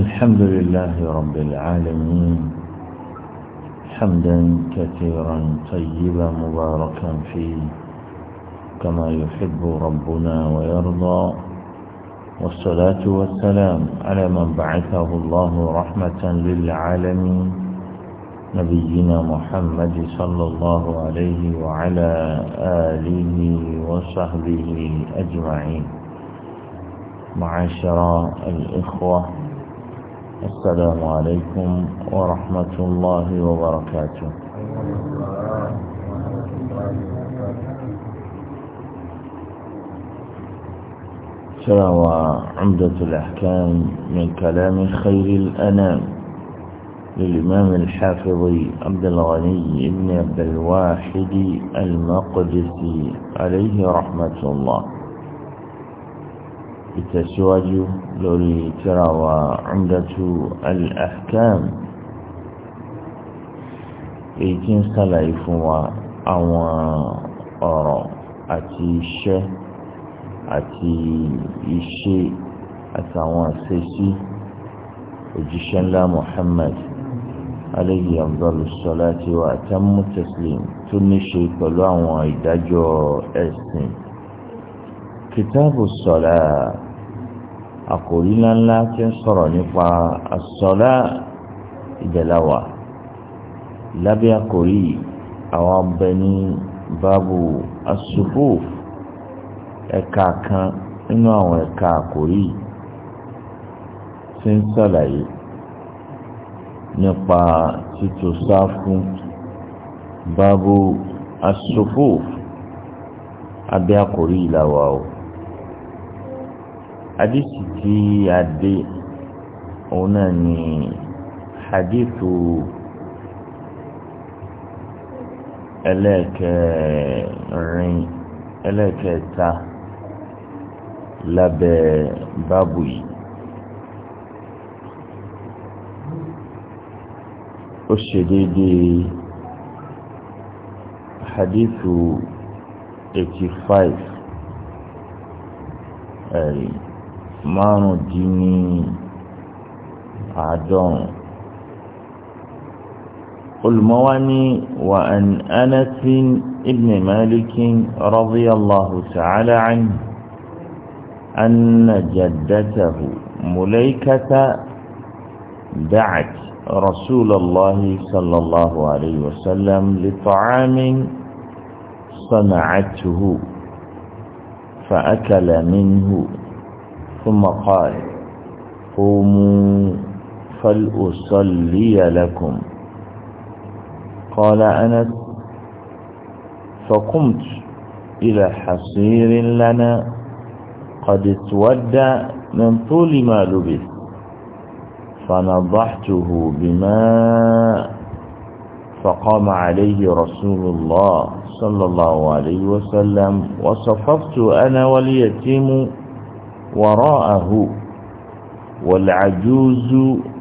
الحمد لله رب العالمين حمدا كثيرا طيبا مباركا فيه كما يحب ربنا ويرضى والصلاة والسلام على من بعثه الله رحمة للعالمين نبينا محمد صلى الله عليه وعلى آله وصحبه أجمعين معاشر الإخوة السلام عليكم ورحمة الله وبركاته شرع عمدة الأحكام من كلام خير الأنام للإمام الحافظ عبد الغني بن عبد الواحد المقدسي عليه رحمة الله ìtẹ̀síwájú lórí tírà wa Umdatu al-Ahkam èyí tí ń sàlàyé fún wa àwọn ọ̀rọ̀ àti iṣẹ́ àti iṣẹ́ àti àwọn àṣeṣí òjíṣẹ́ ńlá Muhammad aleyhi abdul salati wa atamu taslim tó ní ṣe pẹ̀lú àwọn ìdájọ́ ẹ̀sìn kìtàbù sọ̀lá àkòrí ńláńlá tí ń sọ̀rọ̀ nípa àsọlá ìjẹ̀láwà lábẹ́ àkòrí àwọn ọbẹ̀ ní báàbù asùfù ẹ̀ka kan nínú àwọn ẹ̀ka àkòrí tí ń sàlàyé nípa títò sáfù báàbù asùfù abẹ́ àkòrí ìlàwà o hadisi tí a dé òun náà ni hadithu ẹlẹ́ẹ̀kẹrin ẹlẹ́ẹ̀kẹta lábẹ́ báàbù yìí ó ṣe déédéé hadithu eighty five márùndínláàádọ́rùn. olùmọ́wá ní wà án anasin ibn malikin radiyallahu ta'ala anhu anna jaddatahu mulaikata da'at رسول الله صلى الله عليه وسلم لطعام صنعته فأكل منه ثم قال قوموا فلأصلي لكم قال أنس فقمت إلى حصير لنا قد اتودى من طول ما لبث فنضحته بماء فقام عليه رسول الله صلى الله عليه وسلم وصففت أنا واليتيم وراءه والعجوز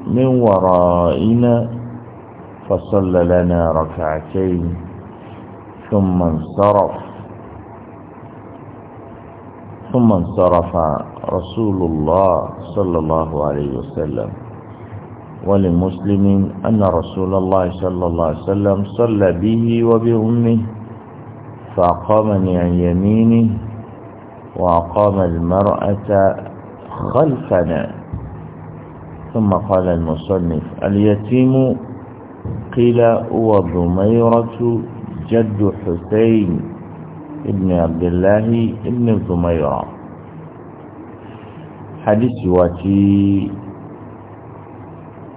من ورائنا فصلى لنا ركعتين ثم انصرف ثم انصرف رسول الله صلى الله عليه وسلم ولمسلم أن رسول الله صلى الله عليه وسلم صلى به وبأمه فأقامني عن يمينه وأقام المرأة خلفنا ثم قال المصنف اليتيم قيل هو ضميرة جد حسين ابن عبد الله ابن الضميرة حديث واتي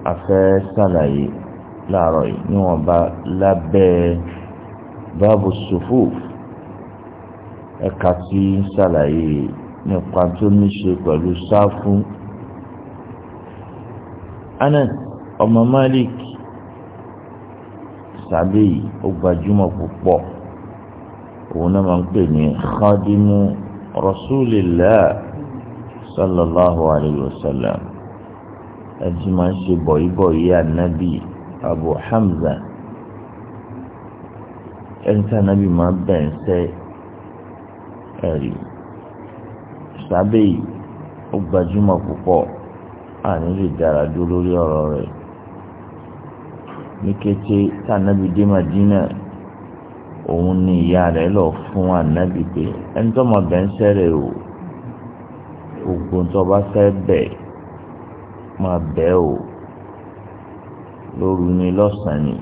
أفا سلاي لا رأي نوبا لبي باب الصفوف ẹ̀ka tí ń ṣàlàyé nípa tó ní ṣe pẹ̀lú sáfù. Anas ọmọ Malik sàbẹ̀ yìí ó gbajúmọ̀ púpọ̀ òun náà máa ń pè ní khadimu rasulillah sallallahu alayhi wa sallam ẹtì máa ń ṣe bọ̀yìbọ̀yì ànábì Abu Hamza ẹnìtàn ànábì máa bẹ̀ ń sẹ́yìn ẹ̀rí sábẹ́ yìí ó gbajúmọ̀ púpọ̀ àní lè dára dúró lórí ọ̀rọ̀ rẹ̀ ní kété tànàbí dé Madina òun ni ìyá rẹ̀ lọ fún ànábì pé ẹni tó mọ bẹ́ẹ̀ ń sẹ́rẹ̀ o gbogbo tó bá fẹ́ bẹ̀ máa bẹ̀ o lóru ni lọ́sàn-án ni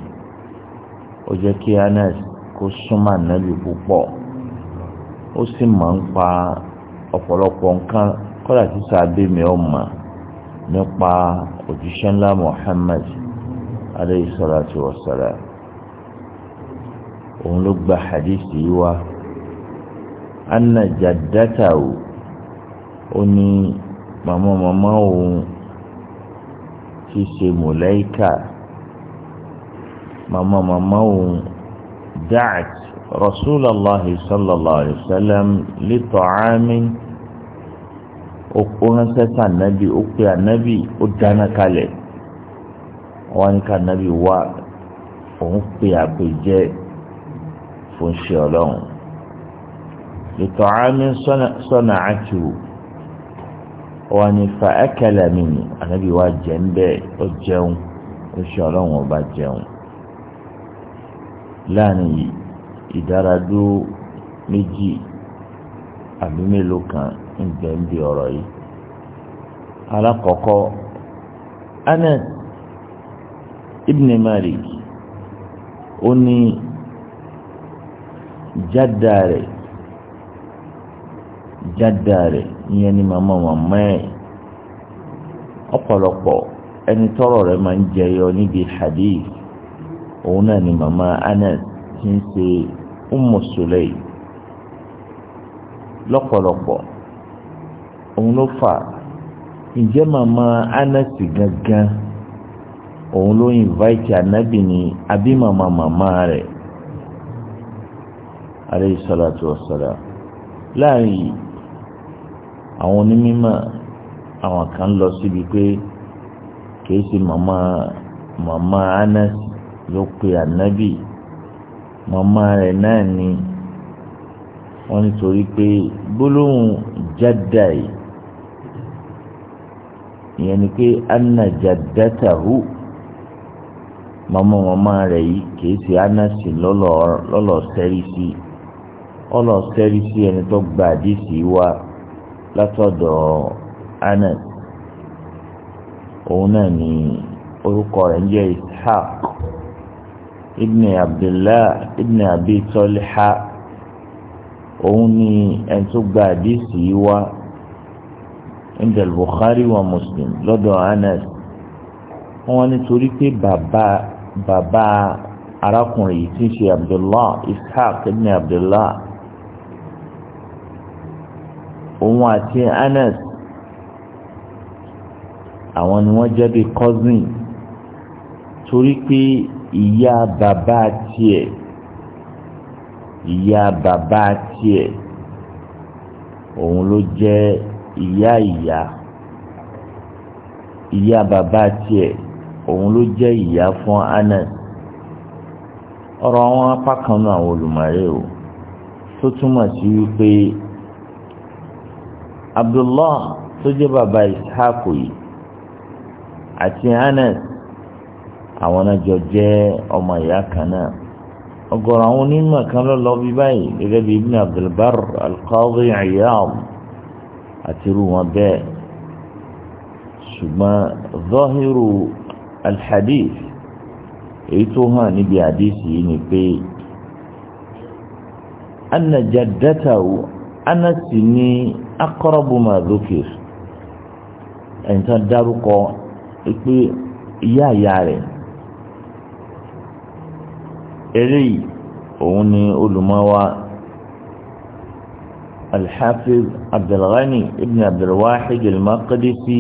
ó jẹ́ kí Anas kó súnmọ́ ànábì púpọ̀ ó sì máa ń pa ọ̀pọ̀lọpọ̀ nǹkan kọ́dà tí sáadé mi ò mà nípa òjíṣẹ́ ńlá Muhammad alayhi salatu wa salam òun ló gba hadith yìí wá anna jaddatahu ó ní màmá màmá òun ti ṣe mọ̀lẹ́kà màmá màmá òun dáàtì. رسول الله صلى الله عليه وسلم لطعام أقونا النبي أقيا النبي أدانا كالي وأن كان النبي وا أقيا بجي فنشيولون لطعام صنعته وأن فأكل مني النبي واجنبي أجون فنشيولون وبجون لاني ìdáradó méjì àbí mélòó kan ń bẹ ń bí ọ̀rọ̀ yìí alákọ̀ọ́kọ́ Anas ibn Malik ó ní jádà rẹ̀ jádà ni màmá màmá ẹ̀ ọ̀pọ̀lọpọ̀ ẹni tọ́rọ̀ rẹ̀ máa ń jẹyọ níbi hadith òun náà ni màmá Anas ti ń ṣe Ummu Sulaym lọ́pọ̀lọpọ̀ òun ló fà ǹjẹ́ màmá Anasi gangan òun ló invite anabi ni àbí màmá màmá rẹ̀ aleyhi salatu wa salam láàrin yìí àwọn onímọ̀ àwọn kan lọ síbi pé kìí ṣe màmá màmá Anasi ló pe anabi. màmá rẹ̀ náà ni wọ́n nítorí pé gbólóhùn jádà yìí ìyẹn ni pé anna jàdátàhù màmá màmá rẹ̀ yìí kìí ṣe anasi lọ́lọ́ sẹ́rí sí ọlọ́ sẹ́rí sí ẹni tó gba àdìsí wa látọ̀dọ̀ anas òun náà ni orúkọ rẹ̀ ń jẹ́ ishaq ibn abdullah ibn abi tọ́líhá òun ni ẹni tó gba àdìsí yìí wá indal bukhari wa muslim lọ́dọ̀ anas wọ́n nítorí pé bàbá bàbá arákùnrin yìí ti ṣe abdullah ishaq ibn abdullah òun àti anas àwọn ni wọ́n jẹ́ bí cousin torí pé ìyá bàbá tiẹ̀ ìyá bàbá tiẹ̀ òun ló jẹ́ ìyá ìyá ìyá bàbá tiẹ̀ òun ló jẹ́ ìyá fún Anas ọ̀rọ̀ àwọn apá kan náà àwọn olùmọ̀ọ́rẹ́ o tó túmọ̀ sí wípé Abdullah tó jẹ́ bàbá Ishaq yìí àti Anas àwọn náà jọ jẹ́ ọmọ ìyá kan náà ọ̀gọ̀rọ̀ àwọn onímọ̀ kan ló lọ bí báyìí gẹ́gẹ́ bí ibn abdulbar alqadi iyam àti irú wọn bẹ́ẹ̀ ṣùgbọ́n zọ́hírù alhadith èyí tó hàn níbi àdísì yìí ni pé anna jaddatahu anasi ní akọ́rọ́bù mazokir ẹ̀ńtàn dárúkọ pé ìyá ìyá eléyìí òun ni olùmọ́wá alḥafiz abdulghani ibn abdulwahid al-maqdisi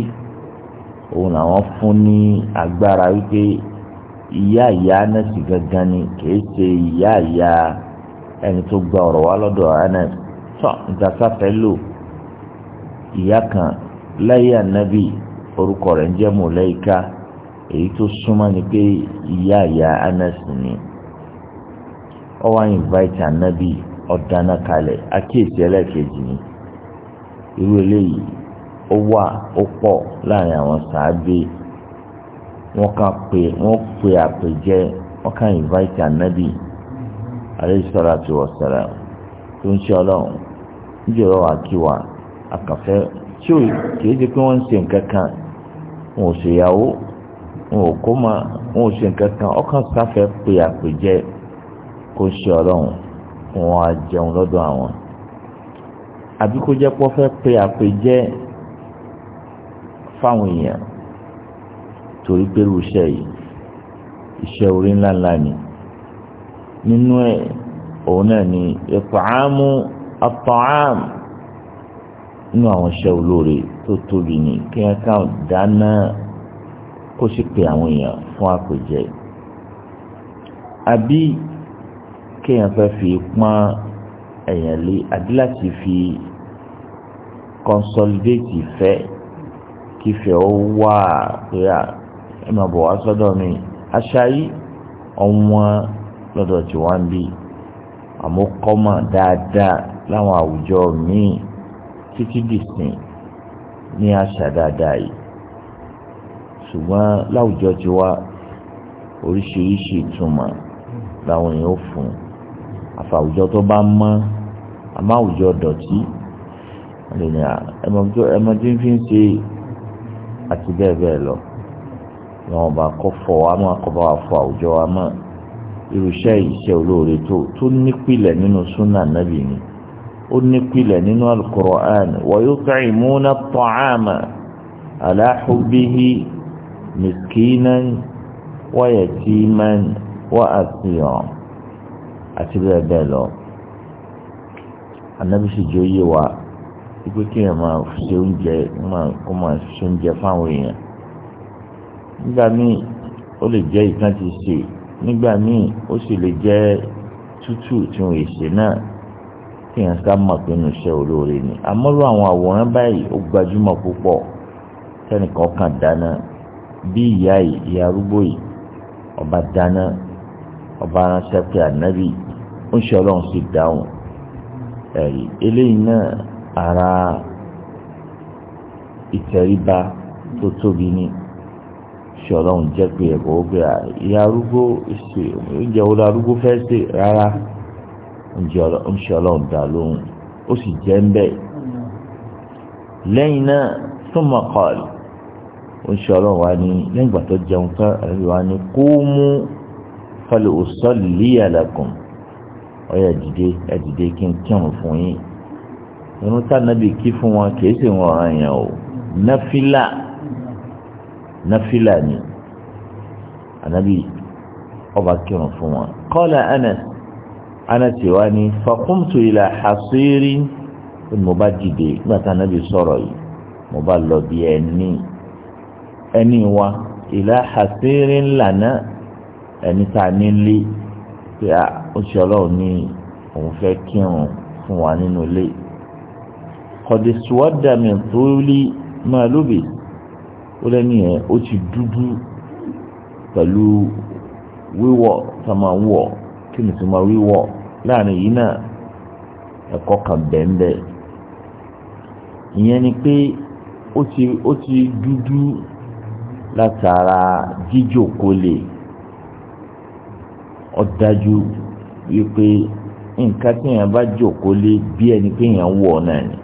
òun làwọn fún ní agbára wípé ìyá ìyá anẹ́sì gangan ni kìí ṣe ìyá ìyá ẹni tó gba ọ̀rọ̀ wá lọ́dọ̀ anẹ́sì tọ́ ntasáfẹ́ lò ìyá kan láyé ànábì orúkọ rẹ̀ ń jẹ́ mọ̀lẹ́yìká èyí tó súnmọ́ ni pé ìyá ìyá anẹ́sì ni. ọ wá invite anabi ọ̀dáná kalẹ̀ akéèsì ẹlẹ́ẹ̀kejì ni irú eléyìí ó wà ó wa láàrin àwọn sàábé wọ́n ká pè wọ́n pè àpèjẹ wọ́n ká invite anabi alayhi salatu wassalam tó ń ṣe ọlọ́run níjọba wà kí wa tí ò kìí ṣe pé ń ṣe nǹkan kan wọn ò ṣèyàwó wọn ò kó ma wọn ò ṣe nǹkan kan ọkàn pè àpèjẹ. kó ṣe ọlọ́run wọn á jẹun lọ́dọ̀ àwọn àbí kó jẹ́ pọ́ fẹ́ pe àpèjẹ fáwọn èèyàn torí pé irú yìí iṣẹ́ orí ńlá ńlá ni nínú ẹ̀ òun náà ni ìpààmù àpààm nínú àwọn iṣẹ́ olóore tó tóbi ni kí wọ́n kàn dáná kó sì pe àwọn èèyàn fún àpèjẹ àbí kéèyàn fẹ́ fi pọ́n ẹ̀yàn lé àbí láti fi consolidate ìfẹ́ kífẹ́ ó wà pé ẹ máa bọ̀ wá sọ́dọ̀ mi aṣááyí ọ̀wọ́n lọ́dọ̀ tí wọ́n ń bí àmọ́ kọ́mọ̀ dáadáa láwọn àwùjọ míì títí dìsìn ní àṣà dáadáa yìí ṣùgbọ́n láwùjọ tiwa oríṣiríṣi ìtumọ̀ làwọn èèyàn ó fún un àfàwùjọ tó bá mọ́ àmọ́ àwùjọ dọ̀tí ẹmọ tí ń fi ń ṣe àti bẹ́ẹ̀ bẹ́ẹ̀ lọ wọn bá kọ́ fọ wa máa kọ́ bá wa fọ àwùjọ wa mọ́ irúṣẹ́ iṣẹ́ olóore tó tó nípìlẹ̀ nínú súnà nàbì ni ó nípìlẹ̀ nínú al-Qur'an wa yut'imuna at-ta'ama ala hubbihi miskinan wa yatiman wa asiran. àti bẹ́ẹ̀ bẹ́ẹ̀ lọ anabi sì jẹ́ ma wa kí èèyàn máa ṣe oúnjẹ kó máa ṣe oúnjẹ fáwọn èèyàn nígbà míì ó lè jẹ́ ìkan ti sè nígbà míì ó sì lè jẹ́ tútù tí wọ́n náà kí èèyàn mọ̀ pé inú iṣẹ́ ni àwọn àwòrán báyìí ó gbajúmọ̀ púpọ̀ dáná bí ìyá yìí ìyá arúgbó ọba dáná ọba ránṣẹ́ pé ànábì ń ṣe ọlọ́run sì dáhùn ẹ̀rí eléyìí náà ara ìtẹríba tó tóbi ní ṣe ọlọ́run jẹ́ pé ẹ̀kọ́ ó gbé à ìyá arúgbó ṣe oúnjẹ wo arúgbó fẹ́ ṣe rárá ń ṣe ọlọ́run dá lóhùn ó sì jẹ́ ń bẹ́ẹ̀ lẹ́yìn náà ثم قال ń ṣe ọlọ́run wá ní lẹ́yìn ìgbà tó jẹun tán ẹ̀rí wá ní kó mú fọlẹ òsọlì àlàkùn ọyà dìde ẹ dìde kí n kírun fún yín irun tá nàbì kí fún wọn kìí ṣe wọn ọ̀ràn yẹn o náfìlà náfìlà ni ànábì ọba kírun fún wọn kọ́lá anas anas wa ni fàkúntù ìlà àṣírí mo bá dìde nígbà tá nàbì sọ̀rọ̀ yìí mo bá lọ bí ẹni ẹni wa ìlà àṣírí ńlá náà ẹni tá a nílé pé a ó ṣe ọlọ́run ní òun fẹ́ kírun fún wa nínú ilé kọ̀dẹ̀sùwọ́dàmì tó lé máa lóbè ó lẹ́nu yẹn ó ti dúdú pẹ̀lú wíwọ̀ tá a máa wọ̀ kí ni tó máa wíwọ̀ láàrin yìí náà ẹ̀kọ́ kan bẹ́ẹ̀ ìyẹn ni pé ó ti dúdú látara jíjòkó lè. ọ̀dájú wípé nǹkan tí bá jòkó lé bí ẹni pé wọ̀ náà ni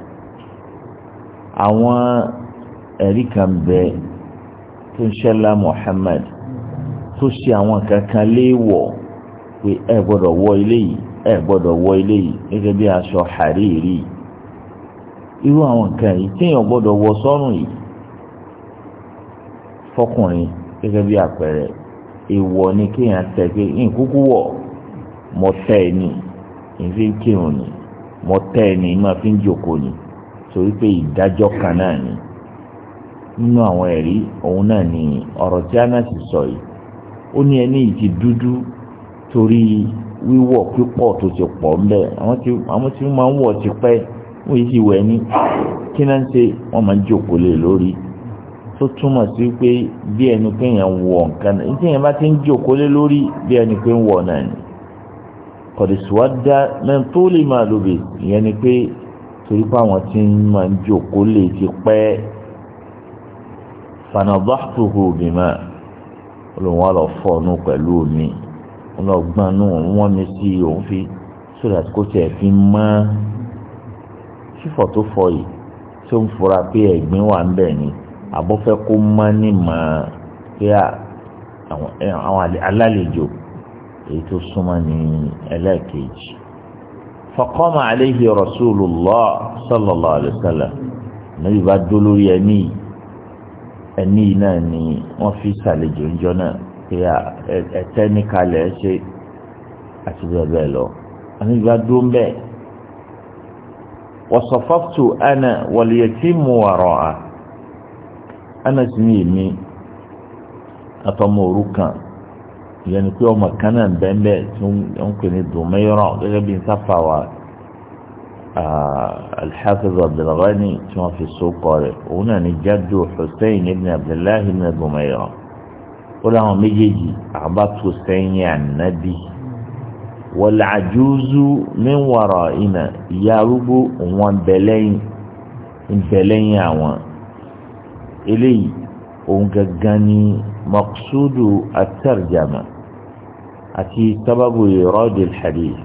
àwọn ẹ̀rí kan bẹ tó ń ṣẹlá Muhammad tó ṣe àwọn kankan léèwọ̀ pé ẹ gbọ́dọ̀ wọ ilé yìí ẹ gbọ́dọ̀ wọ ilé yìí gẹ́gẹ́ bí aṣọ hàríìrí irú àwọn yìí gbọ́dọ̀ wọ sọ́rùn yìí fọkùnrin gẹ́gẹ́ bí àpẹẹrẹ ìwọ ni kéèyàn tẹ̀ pé nkúkú wọ̀ mọ tẹ́ ẹ ní ìfi kírun ni mọ tẹ́ máa fi ń jòkó ni torí pé ìdájọ́ kan náà ni nínú àwọn ẹ̀rí òun náà ni ọ̀rọ̀ tí sọ yìí ó ní ẹni yìí ti dúdú torí wíwọ̀ pípọ̀ tó ti pọ̀ ńbẹ àwọn tí wọ́n máa ń wọ̀ ti wọ́n yìí ti wẹ̀ ní kí náà tó túmọ̀ sí pé bí ẹni pé èèyàn wọ̀ nǹkan náà tí èèyàn bá ti ń jòkó lé lórí bí ẹni pé ń wọ̀ náà ni kọ̀dísíwádá náà tó lè máa lóbi ìyẹn ni pé torí pé àwọn tí ń máa ń jòkó lè ti pẹ́ fanabáhùhù bìmá olùwọ́n lọ fọ́ ọ̀nù pẹ̀lú omi wọn nù wọ́n mi sí òun fi sódà kó tiẹ̀ fi mọ́ fífọ̀ tó fọ yìí tó ń fura pé ẹ̀gbin wà ń bẹ̀ ni àbọ̀fẹ́ kó má ní mọ̀ pé àwọn alálejò èyí tó súnmọ́ ní ẹlẹ́ẹ̀kejì. فقام عليه رسول الله صلى الله عليه وسلم Ànábì bá dó lórí ẹni ẹni náà ni wọ́n fi ṣàlejò ńjọ́ náà pé ẹ̀tẹ́ ní kalẹ̀ ẹ ṣe àti lọ Ànábì bá dó ń bẹ́ẹ̀ وصففت أنا واليتيم وراءه anas ní èmi àtọmọ òru kan ìyẹn ni pé ọmọ kan náà bẹ́ẹ̀ tí wọ́n pè ní dùnmẹ́rọ̀ gẹ́gẹ́ bí nsáfà wa alḥafiz abdulghani tí wọ́n fi so kọ́ rẹ̀ òun náà ni jádù hussein ibn abdullahi ibn dùnmẹ́rọ̀ ó láwọn méjèèjì àbá tó sẹ́yìn ànábì wal ajuzu min wara'ina ìyá arúgbó òun bẹ̀lẹ́yìn àwọn. eléyìí òun gangan ni maqsudu at-tarjama àti sábàbù ìrọ́dì hadith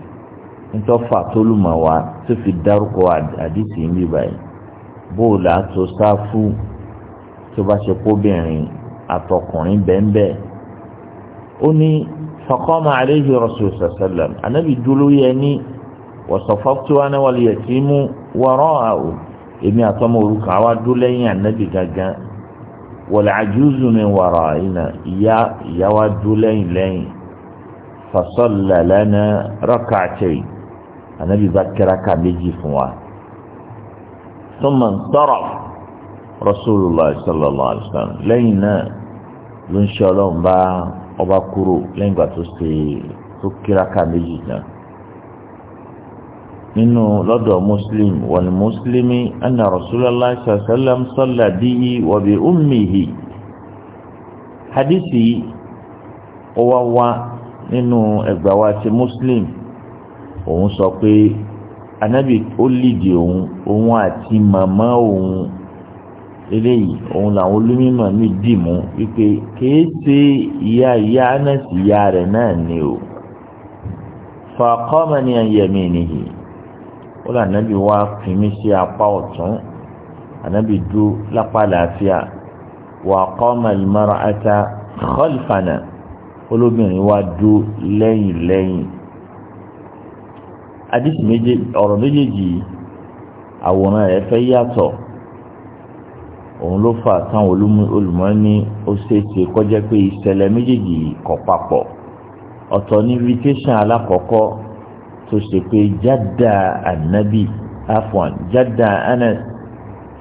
ntọ́fà tólùmọ̀ wa tó fi dárúkọ àdìsí ń bí báyìí bóòlù àtò sáfù tó bá ṣe kóbìnrin àtọkùnrin bẹ́ẹ̀nbẹ́ẹ̀ ó ní faqama alayhi rasul sallam anabi dúró yẹ ní wasafaftu ana wal yatimu wara'ahu èmi àtọmọ orúkọ àwa dúró lẹ́yìn ànábì gangan wọlé àjùzù mi wàrà ìnà ìyá ìyá wa dúró lẹ́yìn lẹ́yìn fasọlẹ lẹnu rọkà àtẹyì ànábì bá kẹraka méjì fún wa sọmọ ntọrọ rasulillah sallallahu alaihi wa sallam lẹ́yìn náà ló ń ṣe ọlọ́run bá ọba kúrò lẹ́yìn ìgbà tó ṣe tó kẹraka méjì náà nínú lọ́dọ̀ muslim wal muslimi anna rasulallah sallam salla bihi wa bi ummihi hadisi ó wá wá nínú ẹgbàá wa ti muslim òun sọ pé anabi ó lìdí òun òun àti màmá òun eléyìí òun làwọn olómìnà mi dì mú wípé kìí ìyá ìyá anasi rẹ̀ náà ni o fàkọ́mọ ni ẹ̀yẹ̀mí nìyí ó lọ ànábì wá fìmí sí apá ọ̀tún ànábì dúró lápá làáfíà wà qama al-mar'ata khalfana olóbìnrin wá dúró lẹ́yìn lẹ́yìn àdìsí méje ọ̀rọ̀ méjèèjì àwòrán rẹ̀ fẹ́ yàtọ̀ òun ló fà táwọn olùmọ̀ ní ó ṣeéṣe kọjá pé ìṣẹ̀lẹ̀ méjèèjì kò papọ̀ ọ̀tọ̀ ní invitation alákọ̀ọ́kọ́ tó ṣe pé jádà ànábì afwan jádà anas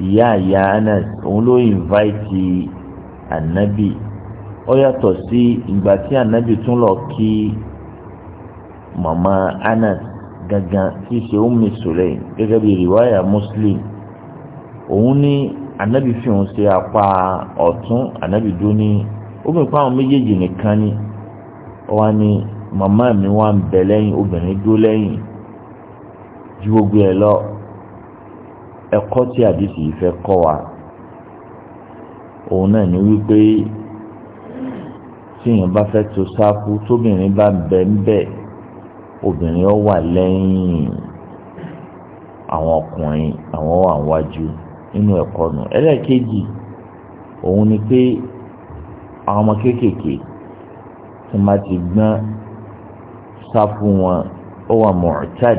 ìyá ìyá anas òun ló invite ànábì ó yàtọ̀ sí ìgbà tí ànábì tún lọ kí màmá anas gangan tí ṣe ummi sulaim gẹ́gẹ́ bí riwaya muslim òun ní ànábì fi òun ṣe apá ọ̀tún ànábì dún ní ó mìíràn àwọn méjèèjì nìkan ni ó wá ní. Mama mi wà ń bẹ lẹ́yìn obìnrin dó lẹ́yìn ju gbogbo ẹ̀ lọ ẹ̀kọ́ tí àdìsí yìí fẹ́ kọ́ wa òun náà ni wípé tíyàn bá fẹ́ to sáfù tóbìnrin bá bẹ ń bẹ obìnrin ó wà lẹ́yìn àwọn ọkùnrin àwọn wà wájú nínú ẹ̀kọ́ nù ẹlẹ́ẹ̀kejì òun ni pé àwọn ọmọ kéékèèké tí wọ́n ti gbọ́n sá fún wọn ó wà mu'tad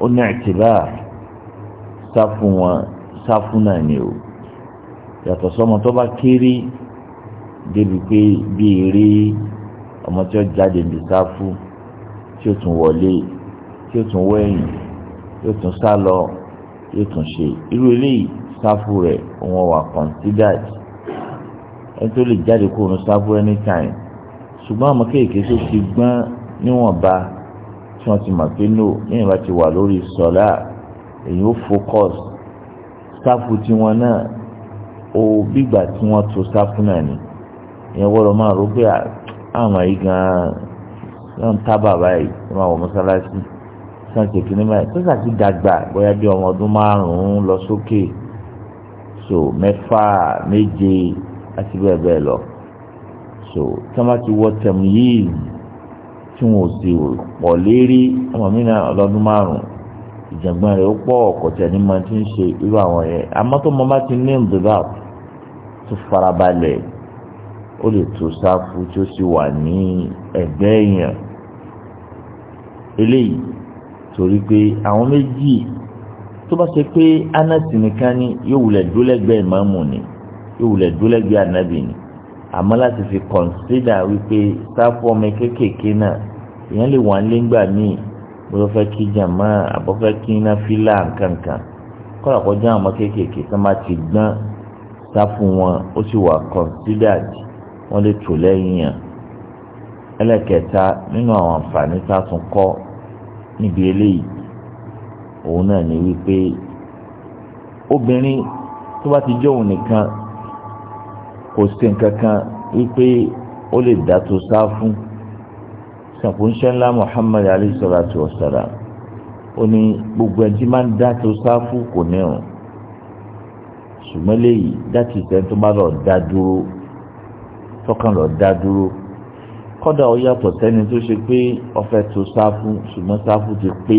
ó ní i'tibar sá fún wọn sá fún náà ni o yàtọ̀ sọ́mọ tó bá kéré débi pé bí eré ọmọ tí ó jáde ní sáfù tí ó tún wọlé tí ó tún wẹ̀yìn tí ó tún sá lọ tí ó tún ṣe irú eléyìí sáfù rẹ̀ òun wà considered ẹni tó lè jáde kúrò ní sáfù anytime ṣùgbọ́n ọmọ kéèké tó ti gbọ́n níwọ̀nba tí wọ́n ti mọ̀ pé no níwọ̀nba ti wà lórí sọ́lá èyí ó focus sáfù tiwọn náà ó bígbà tí wọ́n to sáfù náà ni ìyẹn wọ́n lọ máa rò pé àwọn yìí gan-an wọ́n ń tábà báyìí wọ́n máa wọ mọ́sálásí sàn kékeré ní báyìí tó sàti dàgbà bóyá bí ọmọ ọdún márùn-ún lọ sókè so mẹ́fà méje àti bẹ́ẹ̀ bẹ́ẹ̀ lọ so tọ́mà ti wọ tẹ̀mù yìí tí wọn ò sì pọ̀ lérí ọmọ mi náà ọlọ́dún márùn-ún ìjàngbọ̀n rẹ̀ ó pọ̀ ọ̀kọ̀tẹ̀ ní máa ti ń ṣe irú àwọn yẹn àmọ́ tó mọ́ bá ti ní ìdúrà tó farabalẹ̀ ó lè tó sáfù tí ó sì wà ní ẹ̀gbẹ́ èèyàn eléyìí torí pé àwọn méjì tó bá ṣe pé anasi nìkan ni yóò wulẹ̀ dúlẹ̀gbẹ́ ìmáàmù ni yóò wulẹ̀ dúlẹ̀gbẹ́ ànábì ni àmọ́ láti fi kọ̀nsídà wípé sáfù ọmọ kéékèèké náà èèyàn lè wà nígbà míì bó fẹ́ kí jàmá àbọ̀ fẹ́ kí iná fílà nkankan kọ́lá kọjá àwọn kéékèèké tó máa ti gbọ́n sáfù wọn ó sì wà kọ̀nsídà wọ́n lè tò lẹ́yìn yàn ẹlẹ́kẹta nínú àwọn àǹfààní tá kọ́ níbi eléyìí òun náà ni wípé obìnrin tó bá ti jẹ́ òun nìkan kò sí nǹkan kan wípé ó lè dá tó sá fún ṣàkóńṣẹ́ ńlá Muhammad alayhi salatu wa salam ó ní gbogbo ẹni tí máa ń dá tó sá fún kò ní rùn ṣùgbọ́n léyìí dátì tẹ́ tó bá lọ dá dúró tọ́kàn lọ dá dúró kọ́dà ó yàtọ̀ sẹ́ni tó ṣe pé ọ̀fẹ́ tó sáfù ṣùgbọ́n sáfù ti pé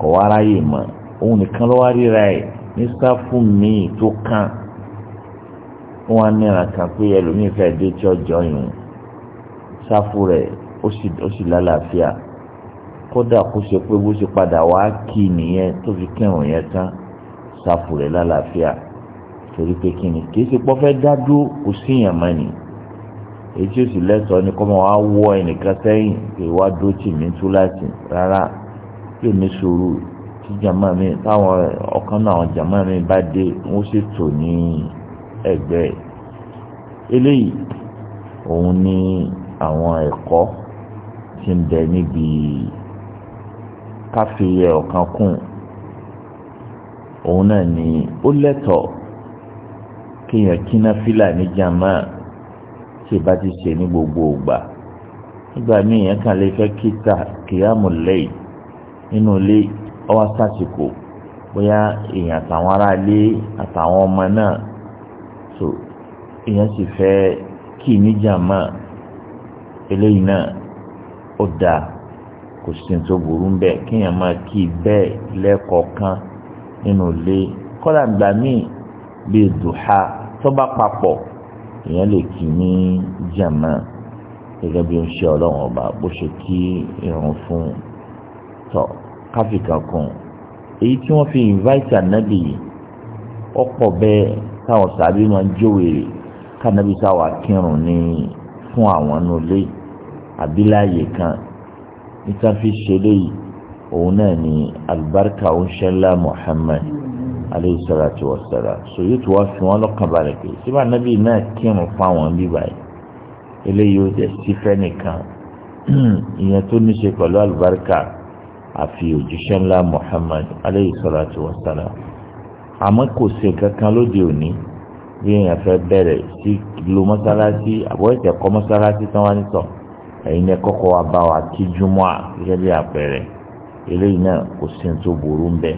kọ̀ wá mọ́ òun nìkan ló ríra ẹ̀ ní sáfù míì tó kàn wọn á níra kan pé ẹlòmíì fẹ́ dé tí ọjọ́ yìí sáfù rẹ̀ ó sì lálàáfíà kódà kó ṣe pé bó ṣe padà wá kì nìyẹn tó fi kírun yẹn tán sáfù rẹ̀ lálàáfíà torí pé kí ni kì í ṣe pọ́ fẹ́ dá dúró kò síyàn mọ́ ni èyí tí ó sì lẹ́sọ̀ọ́ ni kọ́mọ wa wọ ẹnìkan sẹ́yìn pé wá dúró tì mí tú láti rárá yóò ní sùúrù tí jàmáà mi táwọn ọ̀kan náà àwọn mi bá dé wọ́n sì tò ní ẹ̀gbẹ́ ẹ̀ eléyìí òun ni àwọn ẹ̀kọ́ tí ń bẹ níbi káfíyẹ ọ̀kan kùn òun náà ni ó lẹ́tọ̀ọ́ kéèyàn kíná fílà ní jàmá tí ìbá ti ṣe ní gbogbo ògbà nígbà míì yẹn kàn lè fẹ́ kíta kìyàmù lẹ́yìn nínú ilé ọwọ́ sásìkò bóyá èèyàn àtàwọn ará àtàwọn ọmọ náà so èèyàn sì fẹ́ kí níjàmá eléyìí náà ó dáa kò sí tó burú ń bẹ kéèyàn máa kí i bẹ́ẹ̀ lẹ́kọ̀ọ̀kan nínú ilé kọ́lá gbà míì bíi dùhà tó bá papọ̀ èèyàn lè kí ní jàmá gẹ́gẹ́ bí ó ń ṣe ọlọ́run ọba bó ṣe kí irun fún tọ́ káfíkà kan èyí tí wọ́n fi invite ànábì yìí ọ̀pọ̀ bẹ́ẹ̀ táwọn sàbí máa ń jòwèrè kánábì sáwà kírun ní fún àwọn nulẹ àbíláyè kan níta fi ṣe léyìí òun náà ni alibarika ounṣẹ́lá Muhammad aleyhi salatu wa salam sòyí tó wá fi wọn lọ́kàn balẹ̀ pé síbà nábì náà kírun fáwọn bíbá yìí eléyìí ó jẹ sífẹ́ nìkan ìyẹn tó ní ṣe pẹ̀lú alibarika àfi òjíṣẹ́ ńlá Muhammad aleyhi salatu wa àmọ́ kò sí kankan lóde òní bí èèyàn fẹ́ bẹ̀rẹ̀ sí lo mọ́sálásí àbọ̀ ẹ̀sẹ̀ kọ́ mọ́sálásí tán wá nítọ̀ ẹ̀yin ẹ kọ́kọ́ wa bá wa kí júmọ́ à gẹ́gẹ́ bí àpẹẹrẹ eléyìí náà kò sí tó burú ń bẹ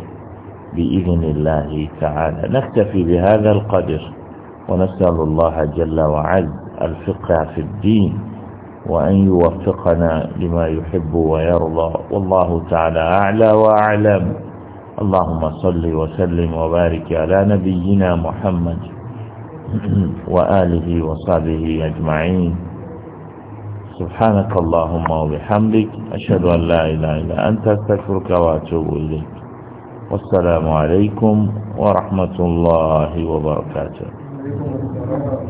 بإذن الله تعالى نكتفي بهذا القدر ونسأل الله جل وعز الفقه في الدين وأن يوفقنا لما يحب ويرضى والله تعالى أعلى وأعلم اللهم صل وسلم وبارك على نبينا محمد وآله وصحبه أجمعين سبحانك اللهم وبحمدك أشهد أن لا إله إلا أنت أستغفرك وأتوب إليك والسلام عليكم ورحمة الله وبركاته